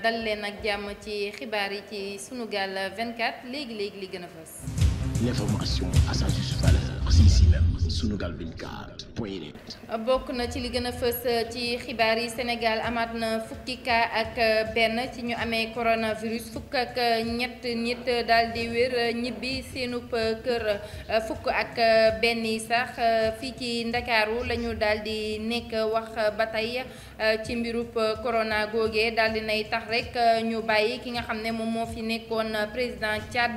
dal leen ak jàmm ci xibaar yi ci Sunugal 24 léegi léegi li gën a fës. sunugal bokk na ci li gën fës euh, ci xibaar yi Sénégal amaat na fukki cas ak euh, benn ci ñu amee coronavirus fukk ak euh, ñett nit daal di wér ñibbi seenub kër fukk ak benn yi sax fii ci Ndakaaru lañu ñu di nekk wax ba tey ci mbirub corona googe daldi di nay tax rek ñu bàyyi ki nga xam ne moom moo fi nekkoon président Tchad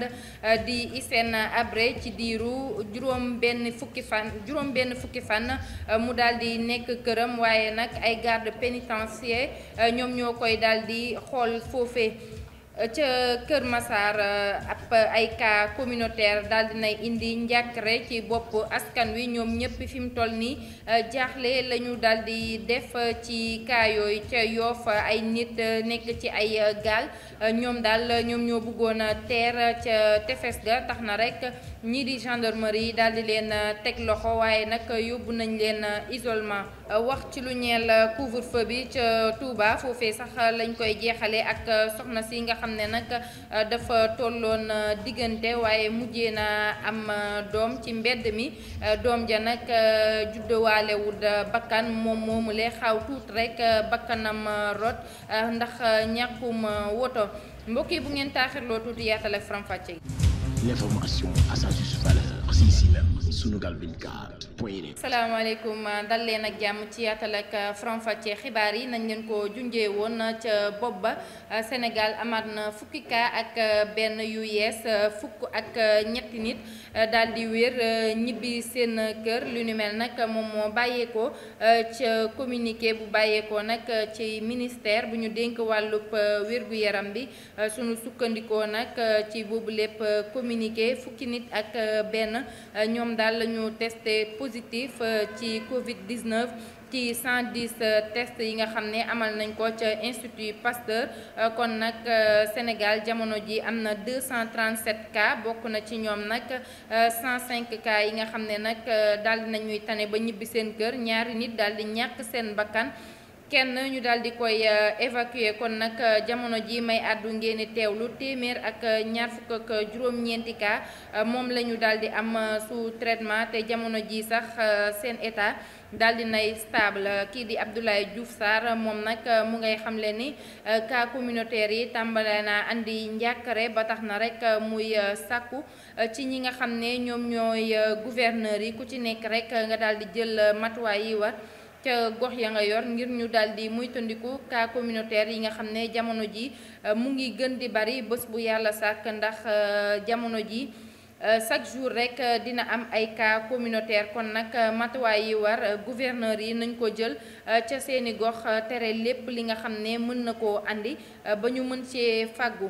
di Hissène Habré ci diiru juróom benn fukki fan juróom benn fukki fan euh, mu daal di nekk këram waaye nag ay garde pénitentiaire euh, ñoom ñoo koy daal di xool foofee euh, ca Kër Massar ab ay cas communautaire daal nay indi njàkkare ci bopp askan wi ñoom ñëpp fi mu toll nii jaaxle lañu ñu di def ci cas yooyu ca Yoff ay nit nekk ci ay gaal ñoom daal ñoom ñoo bëggoon a teer ca tefes ga tax na rek. ñii di gendarmerie daal di leen euh, teg loxo waaye nag yóbbu nañ leen euh, isolement euh, wax ci lu ñeel couvre-feu bi ca Touba foofee sax lañ koy jeexale ak soxna si nga xam ne nag dafa tolloon diggante waaye mujjee na am doom ci mbedd mi doom ja nag juddewaalewul bakkan moom moomule xaw tuut rek bakkanam rot ndax ñàkkum woto mbokk yi bu ngeen taaxirloo tuuti yaatale faram-fàcce gi l'information à sa juste valeur. si si salaamaaleykum dal leen ak jàmm ci yaatal ak faram-fàcce xibaar yi nañ leen ko junjee woon ca bopp ba Sénégal amaat na fukki ak benn yu yees fukk ak ñetti nit daldi di wér ñibbi seen kër lu ni mel nag moom moo bàyyeekoo ca communiqué bu bàyyeekoo nag ci ministère bu ñu dénk wàllub wér-gu-yaram bi sunu sukkandikoo nag ci boobu lépp communiqué fukki nit ak benn. Euh, ñoom daal la ñu testé positif euh, ci Covid 19. ci 110 euh, test yi nga xam ne amal nañ ko ca institut Pasteur kon nag Sénégal jamono ji am na 237 cas bokk na ci ñoom nag cent 105 cas yi nga xam ne nag daal di nañuy tane ba ñibbi seen kër ñaari nit daal di ñàkk seen bakkan kenn ñu daal di koy euh, évacuer kon nag euh, jamono ji may àddu ngeen teewlu téeméer ak euh, ñaar fukk ak juróom-ñeenti cas moom la ñu daal di am sous traitement te jamono ji sax seen état daal di nay stable kii di Abdoulaye Diouf Sarr moom nag mu ngay xamle ni cas communautaire yi tàmbale na andi njàkkare ba tax na rek muy sàkku ci ñi nga xam ne ñoom ñooy gouverneur yi ku ci nekk rek nga daal di jël matuwaay yi war ca gox ya nga yor ngir ñu daal di muy tëndiku cas communautaire yi nga xam ne jamono ji euh, mu ngi gën di bari bés bu yàlla sàkk ndax euh, jamono ji euh, chaque jour rek dina am ay cas communautaire kon nag matuwaay yi war gouverneur yi nañ ko jël ca seeni gox tere lépp li nga xam ne mën na koo andi ba ñu mën cee fàggu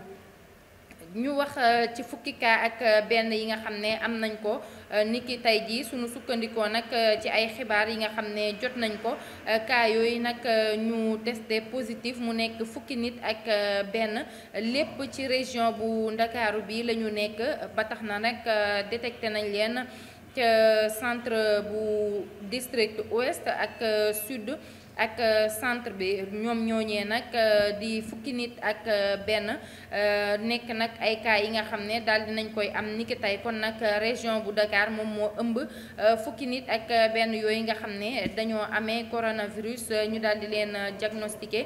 ñu wax euh, ci fukki kaa ak euh, benn yi nga xam ne am nañ ko euh, niki tey jii suñu sukkandikoo nag ci ay xibaar yi nga xam ne jot nañ ko cas yooyu nag ñu testé positif mu nekk fukki nit ak benn lépp ci région bu Ndakaaru bi la ñu nekk ba tax na nag détecté nañ leen ca centre bu district ouest ak sud ak euh, centre bi ñoom ñooñee nag euh, di fukki nit ak euh, benn nekk nag ay cas yi nga xam ne daal dinañ koy am niki tey kon nag région bu Dakar moom moo ëmb fukki nit ak benn yooyu nga xam ne dañoo amee coronavirus ñu daal di leen diagnostiqué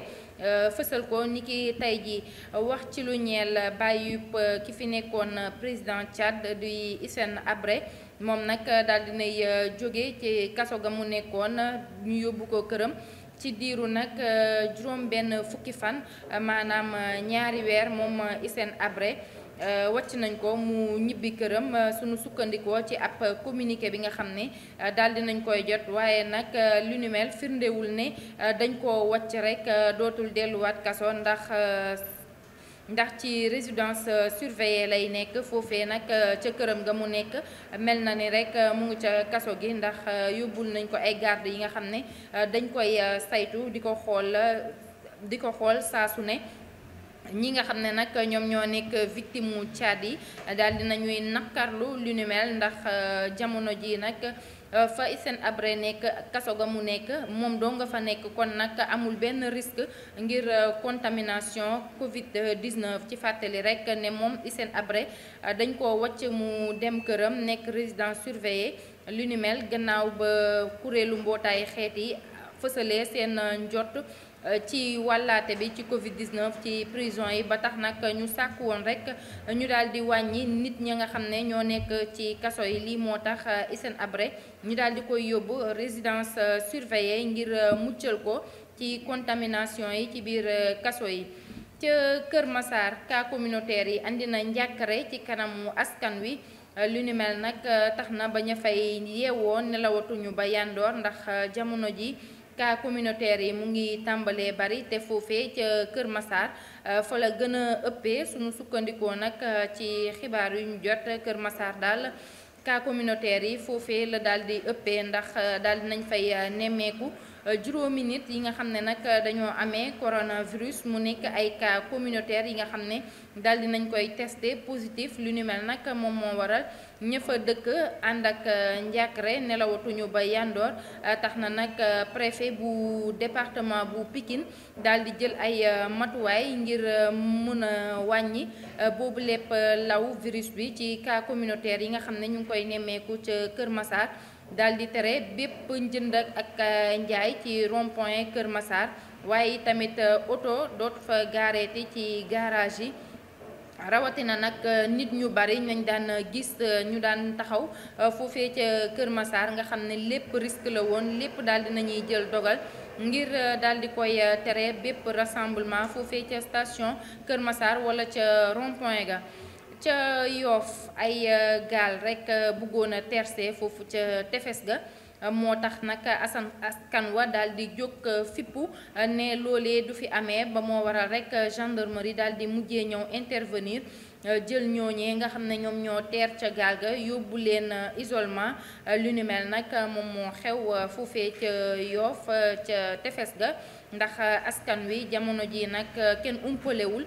fësal ko niki tey ji wax ci lu ñeel bàyyi ki fi nekkoon président Tchad di Hissène abre moom nag daal dinay jóge ci kaso ga mu nekkoon ñu yóbbu ko këram ci diiru nag euh, juróom benn fukki fan euh, maanaam euh, ñaari weer moom Hissène Habré wàcc nañ ko mu ñibbi këram sunu sukkandikoo ci ab communiqué bi nga xam ni daal nañ koy jot waaye nag lu ni mel firndewul ne dañ koo wàcc rek dootul delluwaat kaso ndax ndax ci résidence euh, surveillée lay nekk foofe nag euh, ca këram nga mu nekk mel na ni rek euh, mu ngi ca kaso gi ndax yóbbul nañ ko ay garde yi nga xam ne dañ koy saytu di ko xool di ko xool saasu ne ñi nga xam ne nag ñoom ñoo nekk victime mu Tchad yi daal dinañuy naqarlu lu ni mel ndax jamono ji nag Euh, fa Hissène Habré nekk kaso ga mu nekk moom doo nga fa nekk kon nag amul benn risque ngir euh, contamination Covid 19 ci fàttali rek ne moom Hissène abre euh, dañ ko wàcc mu dem këram nekk résident surveillée lu ni mel gannaaw ba kuréelu mbootaayu xeet yi fësalee seen njot Euh, ci wàllaate bi ci Covid 19 ci prison yi ba tax nag ñu sàkk woon rek ñu daal di wàññi nit ñi nga xam ne ñoo nekk ci kaso yi lii moo tax euh, Hissène Habré ñu daal di koy yóbbu résidence euh, surveillée ngir muccal ko ci contamination yi ci biir kaso yi. ca Kër Massar cas communautaire yi indi na njàkkare ci kanamu askan wi lu ni mel nag tax na ba ña fay yeewoo nelawatuñu ba yandoor ndax jamono ji. cas communautaire yi mu ngi tàmbalee bari te foofee ca Kër Massar euh, fa la gën a ëppee suñu sukkandikoo nag euh, ci xibaar yu ñu jot Kër Massar daal cas communautaire yi foofee la daal di ëppee ndax euh, daal di nañ fay nemmeeku. juróomi nit yi nga xam ne nag dañoo amee coronavirus mu nekk ay cas communautaire yi nga xam ne daal di nañ koy testé positif lu nu mel nag moom moo waral ñëf a dëkk ànd ak euh, njàkkare nelawatuñu ba yandoor euh, tax na nag euh, préfet bu département bu pikin daal di jël ay matuwaay ngir mën a wàññi boobu lépp law virus bi ci cas communautaire yi nga xam ne ñu ngi koy nemmeeku ca Kër Massar. daldi tere bépp njënd ak eh, njaay ci rond Kër Massar waaye tamit eh, oto dootu fa gaareeti ci garage yi. rawatina nag eh, nit ñu bari nañ daan gis ñu daan taxaw foofee ca Kër Massar nga xam ne lépp risque la woon lépp daal di nañuy jël dogal. ngir daal di koy tere bépp rassemblement foofee ca station Kër Massar wala ca rond-point ga ca Yoff ay euh, gaal rek euh, bëggoon a terse foofu ca tefes ga moo tax nag asan askan wa daal di jóg euh, fippu euh, ne loolee du fi amee ba moo waral rek euh, gendarmerie daal di mujjee ñëw intervenir jël ñooñee nga xam ne ñoom ñoo teer ca gaal ga yóbbu leen isolement lu ni nag moom moo xew foofee ca Yoff ca tefes ga ndax askan wi jamono ji nag kenn umpalewul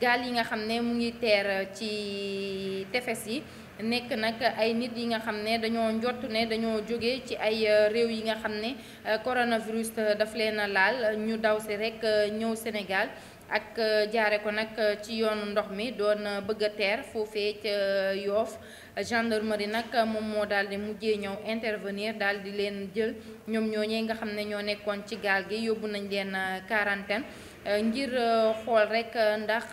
gaal yi nga xam ne mu ngi teer ci tefes yi nekk nag ay nit yi nga xam ne dañoo njott ne dañoo jóge ci ay euh, réew yi nga xam ne euh, coronavirus euh, daf leen laal ñu daw si rek ñëw Sénégal ak jaare ko nag ci yoonu ndox mi doon bëgg a teer foofee ca Yoof gendarmerie nag moom moo daal di mujjee ñëw intervenir daal di leen jël ñoom ñooñee nga xam ne ñoo nekkoon ci gaal gi yóbbu nañ leen quarantaine Euh, ngir euh, xool rek euh, ndax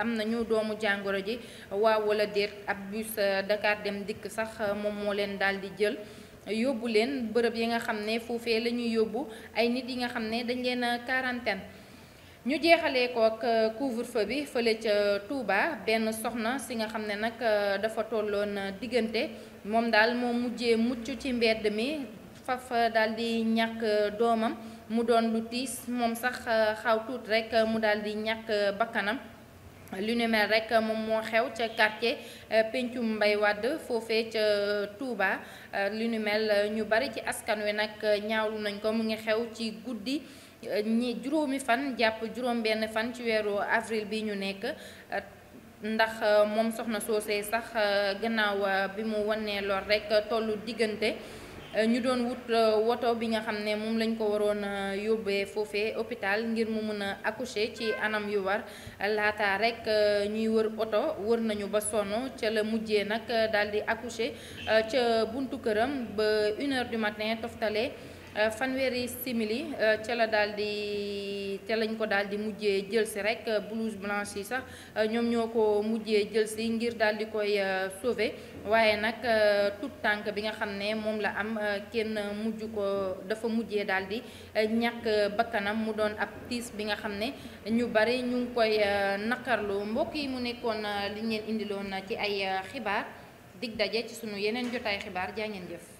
am nañu doomu jàngoro ji waaw walla déet ab bus Dakar dem dikk sax moom moo leen daal di jël yóbbu leen bërëb yi nga xam ne foofee la ñuy yóbbu ay nit yi nga xam ne dañ leen quarantaine ñu jeexale ko ak couvre-feu bi fële ca Touba benn soxna si nga xam ne nag dafa tolloon diggante moom daal moo mujjee mucc ci mbedd mi faf daal di ñàkk doomam mu doon lu tiis moom sax euh, xaw tuut rek euh, mu daal di ñàkk euh, bakkanam lu rek moom moo xew ca quartier Pencum Mbay wàdd foofe ca Touba lu ni ñu bari ci askan wi nag ñaawlu nañ ko mu ngi xew ci guddi ñi juróomi fan jàpp juróom-benn fan ci weeru avril bi ñu nekk ndax moom soxna soosee sax gannaaw bi mu wannee lor rek tollu diggante Euh, ñu doon wut euh, woto bi nga xam ne moom lañ ko waroon a euh, yóbbee foofee hôpital ngir mu mun a accoucher ci anam yu war laata rek ñuy wër oto wër nañu ba sonn ca la mujjee nag daal di accoucher ca buntu këram ba une heure du matin toftale fanweeri simili ca la daal di. yi te lañ ko daal di mujjee jël si rek euh, blouse blanche yi sax euh, ñoom ñoo ko mujjee jël si ngir daal di koy euh, sauver waaye nag tout tànk bi nga xam ne moom la am kenn mujj ko dafa mujjee daal di ñàkk bakkanam mu doon ab tiis bi nga xam ne ñu bari ñu ngi koy naqarlu mbokk yi mu nekkoon li ñu leen indiloon ci ay xibaar dig daje ci sunu yeneen jotaay xibaar jaa ngeen